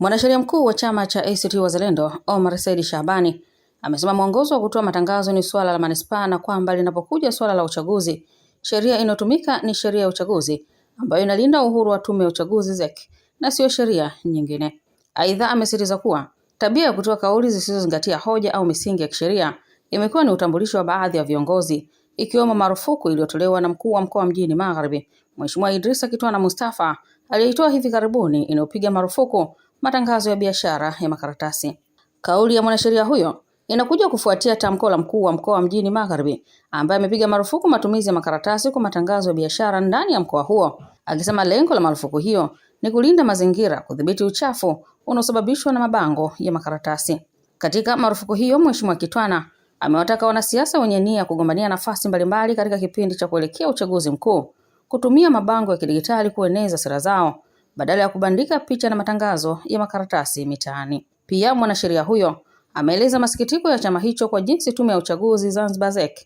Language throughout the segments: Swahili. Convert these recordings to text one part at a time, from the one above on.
Mwanasheria mkuu wa chama cha ACT Wazalendo Omar Said Shabani amesema mwongozo wa kutoa matangazo ni suala la manispaa na kwamba linapokuja suala la uchaguzi, sheria inayotumika ni sheria ya uchaguzi ambayo inalinda uhuru wa tume ya uchaguzi ZEC na siyo sheria nyingine. Aidha, amesisitiza kuwa tabia ya kutoa kauli zisizozingatia hoja au misingi ya kisheria imekuwa ni utambulisho wa baadhi ya viongozi ikiwemo marufuku iliyotolewa na mkuu wa mkoa mjini Magharibi Mheshimiwa Idrisa Kitwana Mustafa aliyeitoa hivi karibuni inayopiga marufuku matangazo ya biashara ya makaratasi. Kauli ya mwanasheria huyo inakuja kufuatia tamko la mkuu wa mkoa Mjini Magharibi ambaye amepiga marufuku matumizi ya makaratasi kwa matangazo ya biashara ndani ya mkoa huo, akisema lengo la marufuku hiyo ni kulinda mazingira, kudhibiti uchafu unaosababishwa na mabango ya makaratasi. Katika marufuku hiyo, Mheshimiwa Kitwana amewataka wanasiasa wenye nia ya kugombania nafasi mbalimbali katika kipindi cha kuelekea uchaguzi mkuu kutumia mabango ya kidigitali kueneza sera zao badala ya kubandika picha na matangazo ya makaratasi mitaani. Pia mwanasheria huyo ameeleza masikitiko ya chama hicho kwa jinsi tume ya uchaguzi Zanzibar ZEC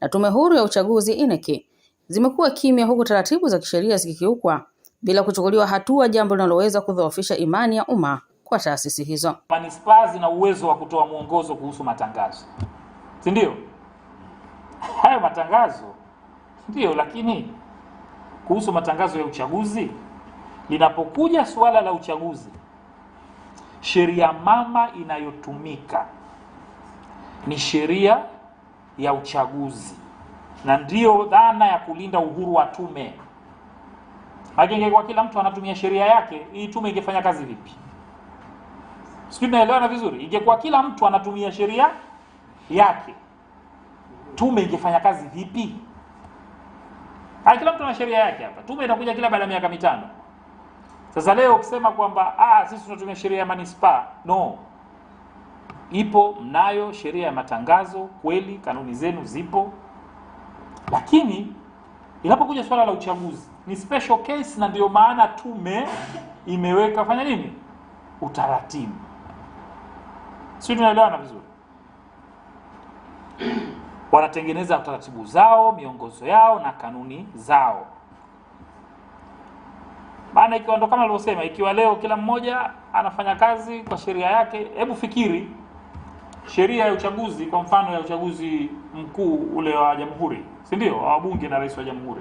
na tume huru ya uchaguzi INEC zimekuwa kimya, huku taratibu za kisheria zikikiukwa bila kuchukuliwa hatua, jambo linaloweza kudhoofisha imani ya umma kwa taasisi hizo. Manispaa zina uwezo wa kutoa mwongozo kuhusu matangazo, si ndio? Hayo matangazo ndio, lakini kuhusu matangazo ya uchaguzi Linapokuja suala la uchaguzi, sheria mama inayotumika ni sheria ya uchaguzi, na ndiyo dhana ya kulinda uhuru wa tume. Ingekuwa kila mtu anatumia sheria yake, hii tume ingefanya kazi vipi? Sijui tunaelewana vizuri. Ingekuwa kila mtu anatumia sheria yake, tume ingefanya kazi vipi? Kila mtu ana sheria yake hapa. Tume inakuja kila baada ya miaka mitano. Sasa leo ukisema kwamba ah, sisi tunatumia sheria ya manispaa, no, ipo, mnayo sheria ya matangazo kweli, kanuni zenu zipo, lakini inapokuja swala la uchaguzi ni special case, na ndio maana tume imeweka fanya nini, utaratibu. Sisi tunaelewana vizuri, wanatengeneza taratibu zao, miongozo yao na kanuni zao. Maana ikiwa ndo kama alivyosema, ikiwa leo kila mmoja anafanya kazi kwa sheria yake, hebu fikiri sheria ya uchaguzi, kwa mfano ya uchaguzi mkuu ule wa jamhuri, si ndio, wa wabunge na rais wa jamhuri.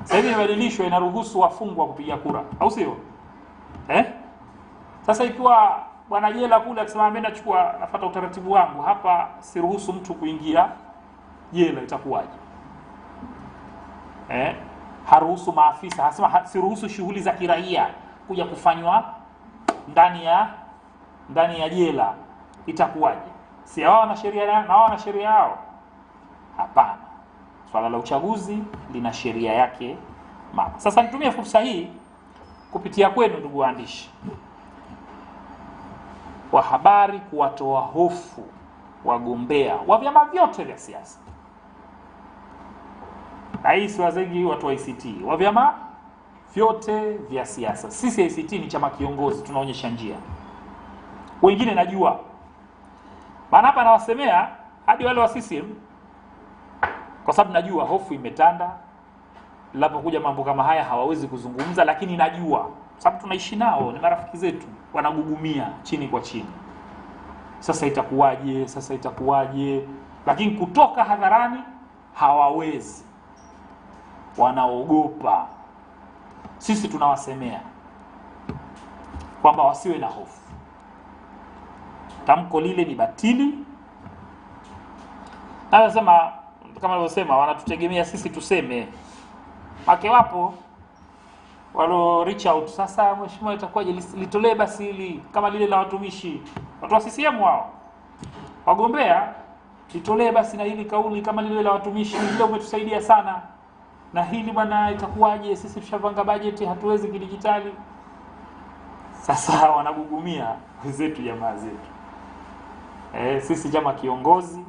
Sasa hivi imebadilishwa, inaruhusu wafungwa kupiga kura, au sio eh? Sasa ikiwa bwana jela kule akisema mimi nachukua nafuata utaratibu wangu hapa, siruhusu mtu kuingia jela, itakuwaje eh? haruhusu maafisa, hasema siruhusu shughuli za kiraia kuja kufanywa ndani ya ndani ya jela. Itakuwaje? si wao na sheria na wao na sheria yao? Hapana, swala la uchaguzi lina sheria yake mama. Sasa nitumie fursa hii kupitia kwenu, ndugu waandishi wa habari, kuwatoa hofu wagombea wa vyama vyote vya siasa rais wa zengi watu wa ICT wa vyama vyote vya siasa. Sisi ICT ni chama kiongozi, tunaonyesha njia, wengine najua. Maana hapa nawasemea hadi wale wa CCM kwa sababu najua hofu imetanda, linapokuja mambo kama haya hawawezi kuzungumza, lakini najua sababu tunaishi nao, ni marafiki zetu, wanagugumia chini kwa chini. Sasa itakuwaje? Sasa itakuwaje? Lakini kutoka hadharani hawawezi wanaogopa. Sisi tunawasemea kwamba wasiwe na hofu. Tamko lile ni batili, na nasema kama alivyosema, wanatutegemea sisi tuseme make wapo walo reach out sasa, mheshimiwa, itakuwaje? Litolee basi hili kama lile la watumishi, watu wa CCM wao wagombea, litolee basi na hili kauli kama lile la watumishi, ndio umetusaidia sana na hili bwana, itakuwaje? Sisi tushapanga bajeti, hatuwezi kidijitali. Sasa wanagugumia wenzetu, jamaa zetu. E, sisi chama kiongozi,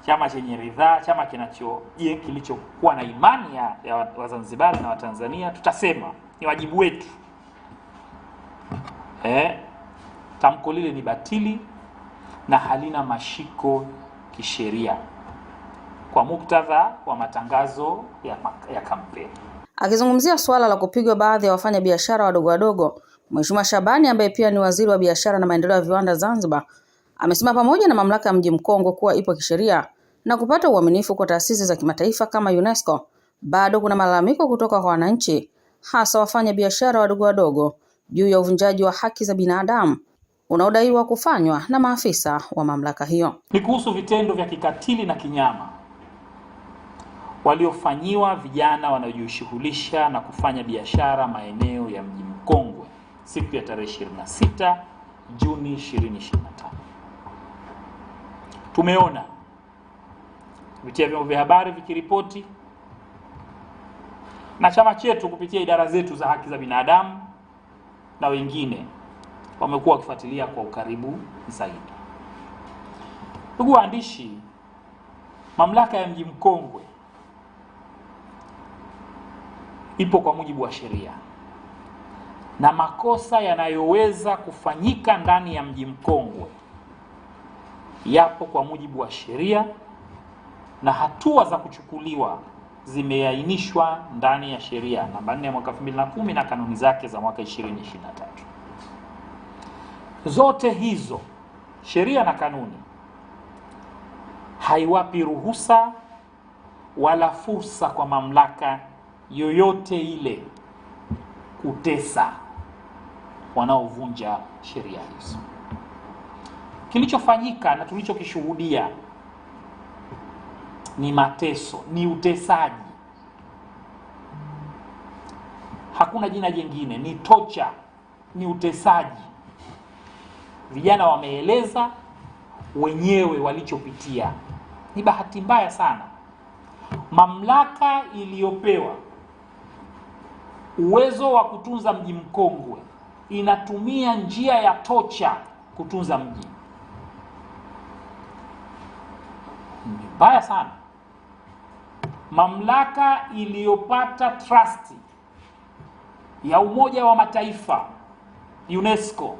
chama chenye ridhaa, chama kinacho je kilichokuwa na imani ya, ya Wazanzibari na Watanzania, tutasema ni wajibu wetu. E, tamko lile ni batili na halina mashiko kisheria kwa muktadha wa matangazo ya, ya kampeni. Akizungumzia suala la kupigwa baadhi ya wafanyabiashara wadogo wadogo, Mheshimiwa Shabani ambaye pia ni waziri wa biashara na maendeleo ya viwanda Zanzibar amesema pamoja na mamlaka ya mji Mkongwe kuwa ipo kisheria na kupata uaminifu kwa taasisi za kimataifa kama UNESCO, bado kuna malalamiko kutoka kwa wananchi, hasa wafanya biashara wadogo wadogo juu ya uvunjaji wa haki za binadamu unaodaiwa kufanywa na maafisa wa mamlaka hiyo. Ni kuhusu vitendo vya kikatili na kinyama waliofanyiwa vijana wanaojishughulisha na kufanya biashara maeneo ya mji mkongwe siku ya tarehe 26 Juni 2025. Tumeona kupitia vyombo vya habari vikiripoti na chama chetu kupitia idara zetu za haki za binadamu na wengine wamekuwa wakifuatilia kwa ukaribu zaidi. Ndugu waandishi, mamlaka ya mji mkongwe ipo kwa mujibu wa sheria na makosa yanayoweza kufanyika ndani ya mji mkongwe yapo kwa mujibu wa sheria na hatua za kuchukuliwa zimeainishwa ndani ya sheria namba 4 ya mwaka 2010 na kanuni zake za mwaka 2023. Zote hizo sheria na kanuni haiwapi ruhusa wala fursa kwa mamlaka yoyote ile kutesa wanaovunja sheria hizo. Kilichofanyika na tulichokishuhudia ni mateso, ni utesaji, hakuna jina jingine, ni tocha, ni utesaji. Vijana wameeleza wenyewe walichopitia. Ni bahati mbaya sana mamlaka iliyopewa uwezo wa kutunza mji mkongwe, inatumia njia ya tocha kutunza mji. Ni mbaya sana. Mamlaka iliyopata trust ya Umoja wa Mataifa UNESCO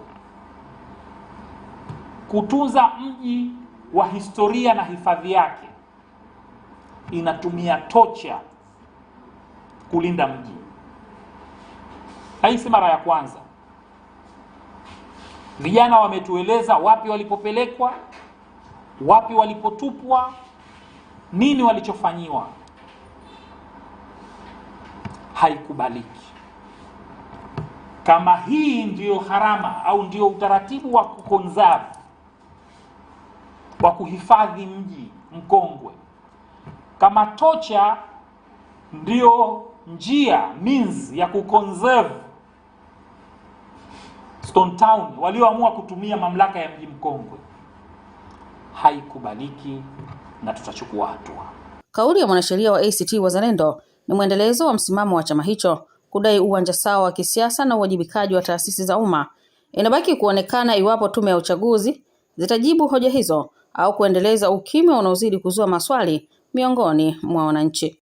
kutunza mji wa historia na hifadhi yake inatumia tocha kulinda mji. Hii si mara ya kwanza. Vijana wametueleza wapi walipopelekwa, wapi walipotupwa, nini walichofanyiwa. Haikubaliki. Kama hii ndiyo harama au ndio utaratibu wa kukonserve wa kuhifadhi mji mkongwe, kama tocha ndio njia means ya kukonserve Stone Town walioamua kutumia mamlaka ya mji mkongwe haikubaliki na tutachukua hatua. Kauli ya mwanasheria wa ACT Wazalendo ni mwendelezo wa msimamo wa chama hicho kudai uwanja sawa wa kisiasa na uwajibikaji wa taasisi za umma. Inabaki kuonekana iwapo tume ya uchaguzi zitajibu hoja hizo au kuendeleza ukimya unaozidi kuzua maswali miongoni mwa wananchi.